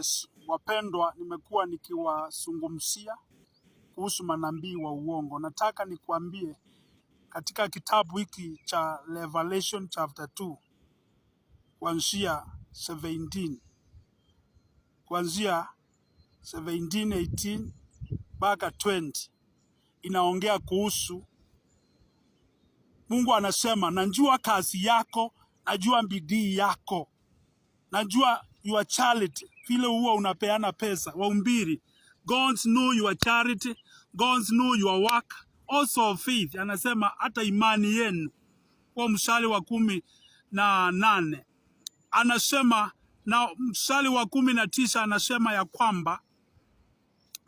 Yes, wapendwa, nimekuwa nikiwazungumzia kuhusu manabii wa uongo. Nataka nikuambie katika kitabu hiki cha Revelation chapter 2 kuanzia 17 kuanzia 17 18 mpaka 20 inaongea kuhusu Mungu anasema, najua kazi yako, najua bidii yako, najua your charity, vile huwa unapeana pesa. Waumbiri, God know your charity, God know your work, also faith. Anasema hata imani yenu, kwa mshale wa kumi na nane anasema na mshale wa kumi na tisa anasema ya kwamba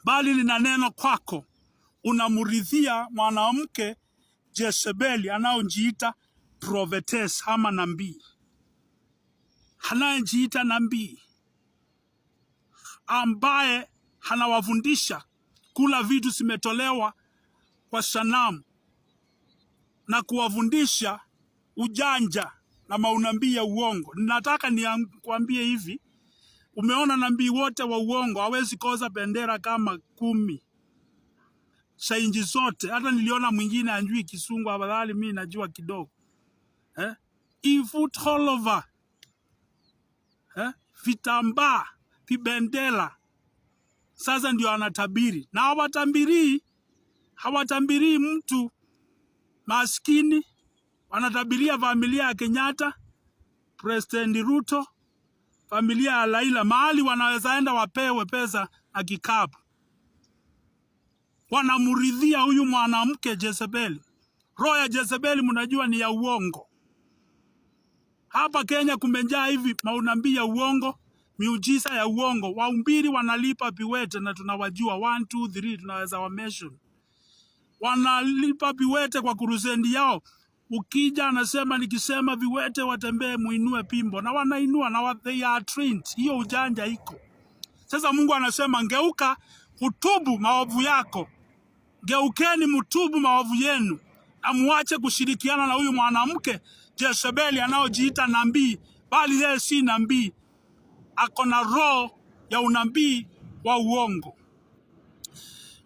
bali lina neno kwako unamridhia mwanamke Jezebeli anaojiita prophetess ama nabii anayejiita nabii ambaye anawafundisha kula vitu zimetolewa kwa sanamu na kuwafundisha ujanja na maunabii ya uongo. Ninataka nikuambie hivi, umeona nabii wote wa uongo hawezi koza bendera kama kumi sainji zote. Hata niliona mwingine anjui kisungu, afadhali mimi najua kidogo eh? eh, vitambaa, vibendela Sasa ndio anatabiri, na hawatabirii hawatambirii mtu maskini, wanatabiria familia ya Kenyatta, President Ruto, familia ya laila mahali wanaweza enda wapewe pesa na kikapu. Wanamridhia huyu mwanamke Jezebeli. Roho ya Jezebeli mnajua ni ya uongo. Hapa Kenya kumejaa hivi maunabii ya uongo, miujiza ya uongo. Waumbiri wanalipa biwete na tunawajua 1 2 3 tunaweza wa mention. Wanalipa biwete kwa kurusendi yao. Ukija anasema nikisema viwete watembee muinue pimbo na wanainua na they are trained. Hiyo ujanja iko. Sasa Mungu anasema ngeuka, utubu maovu yako. Geukeni, mtubu maovu yenu. Amuache kushirikiana na huyu mwanamke Jezebeli anaojiita nabii, bali yeye si nabii, ako na roho ya unabii wa uongo.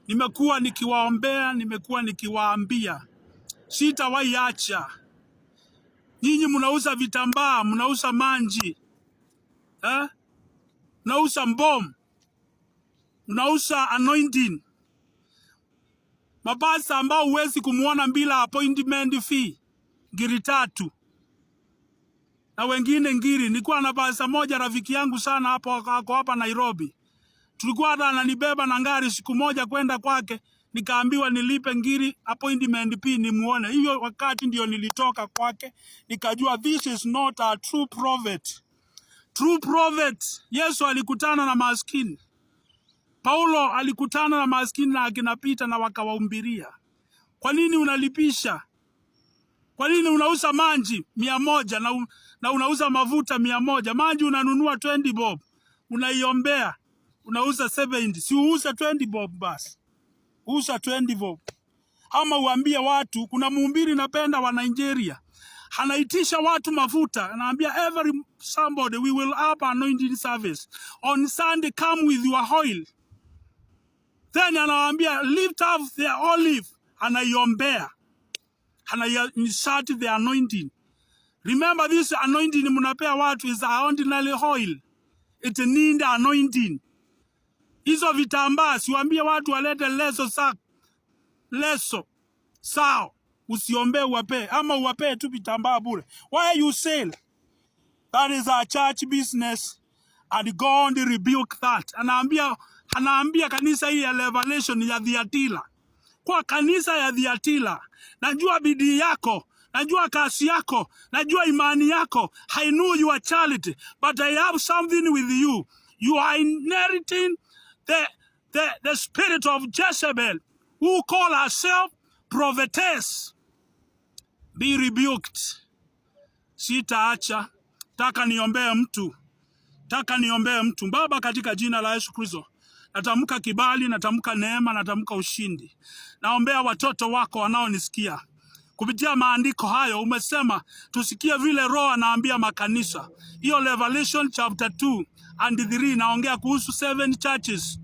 Nimekuwa nikiwaombea, nimekuwa nikiwaambia, sitawaiacha Nyinyi mnauza vitambaa, mnauza manji eh? mnauza mbom, mnauza anointing, mabasa ambao huwezi kumwona bila appointment fee ngiri tatu na wengine ngiri. Nilikuwa na basa moja rafiki yangu sana hapo, ako hapa Nairobi, tulikuwa hata ananibeba na ngari siku moja kwenda kwake, nikaambiwa nilipe ngiri appointment p nimuone. Hiyo wakati ndio nilitoka kwake, nikajua this is not a true prophet. True prophet, Yesu alikutana na maskini. Paulo alikutana na maskini na akina Pita na wakawaumbiria, kwa nini unalipisha? Kwa nini unauza manji mia moja na, na unauza mavuta mia moja Manji unanunua 20 bob unaiombea, unauza 70 si uuza 20 bob basi, uza 20 bob ama uambie watu. Kuna mhubiri napenda wa Nigeria anaitisha watu mafuta, anaambia every somebody we will have anointing service on Sunday, come with your oil. Then anawaambia lift up their olive, anaiombea and I insert the anointing. Remember this anointing mnapea watu is ordinary oil. It need anointing. Hizo vitambaa siwaambie watu walete leso sa leso Sao. usiombe uwape ama uwape tu vitambaa bure. Why you sell? That is a church business and God rebuke that. Anaambia anaambia kanisa hii ya Revelation ya Thiatira kwa kanisa ya Thiatira. Najua bidii yako, najua kasi yako, najua imani yako. I know you are charity, but I have something with you. You are inheriting the, the, the spirit of Jezebel who call herself prophetess. Be rebuked. Sitaacha. Taka niombee mtu, taka niombee mtu. Baba, katika jina la Yesu Kristo Natamka kibali, natamka neema, natamka ushindi. Naombea watoto wako wanaonisikia kupitia maandiko hayo. Umesema tusikie vile Roho anaambia makanisa. Hiyo Revelation chapter 2 and 3 naongea kuhusu seven churches,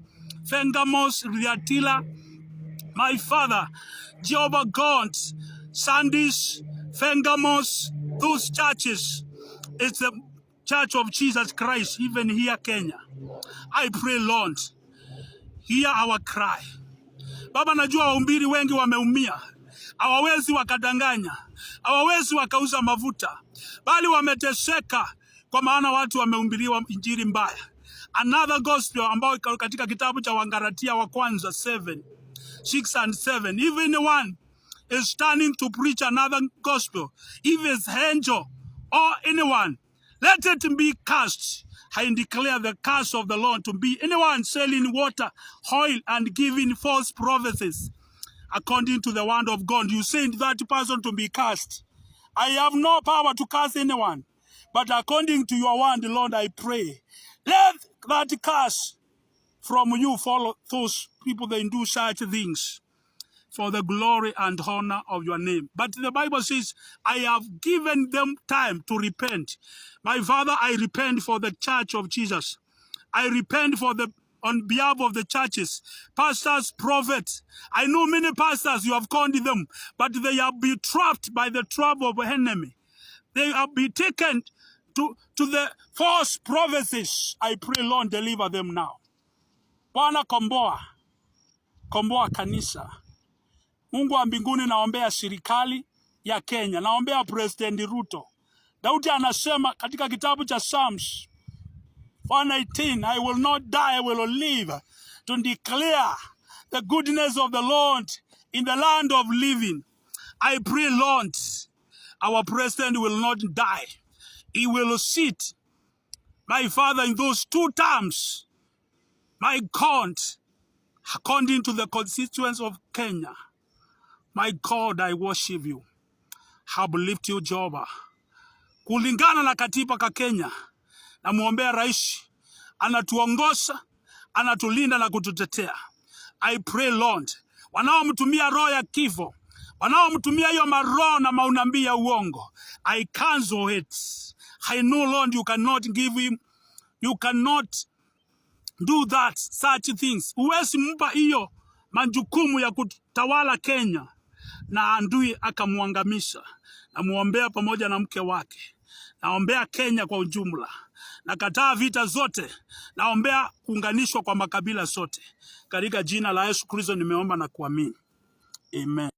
Pergamos, Thyatira, my father Jehovah God, Sardis, Pergamos, those churches it's the church of Jesus Christ even here Kenya. I pray Lord Hear our cry. Baba, najua waumbiri wengi wameumia, hawawezi wakadanganya, hawawezi wakauza mavuta bali wameteseka kwa maana watu wameumbiliwa injili mbaya, another gospel ambayo katika kitabu cha Wangalatia wa kwanza 7 6 and 7 even one is standing to preach another gospel if his angel or anyone Let it be cast I declare the curse of the Lord to be anyone selling water, oil, and giving false prophecies. According to the word of God, you send that person to be cast I have no power to curse anyone. But according to your word, Lord, I pray, let that curse from you follow those people that do such things. for the glory and honor of your name. But the Bible says, I have given them time to repent. My Father, I repent for the church of Jesus. I repent for the on behalf of the churches, pastors, prophets. I know many pastors, you have called them, but they have been trapped by the trap of enemy. They have been taken to, to the false prophecies. I pray, Lord, deliver them now. Bwana komboa. Komboa kanisa. Mungu wa mbinguni, naombea serikali ya Kenya, naombea President Ruto. Daudi anasema katika kitabu cha Psalms 118, I will not die, I will live to declare the goodness of the Lord in the land of living. I pray, Lord, our president will not die. He will sit, my father, in those two terms, my count, according to the constituents of Kenya. My God, I worship you. Hablift you Jehova. Kulingana na katiba ka Kenya, namwombea rais, anatuongoza, anatulinda na kututetea. I pray Lord, wanaomtumia roho ya kifo, wanaomtumia hiyo maroho na maunambii ya uongo, I cancel it. I know Lord, you cannot give him, you cannot do that such things. Huwezi mpa hiyo majukumu ya kutawala Kenya na andui akamwangamisha. namuombea pamoja na mke wake, naombea Kenya kwa ujumla, nakataa vita zote, naombea kuunganishwa kwa makabila zote, katika jina la Yesu Kristo nimeomba na kuamini, amen.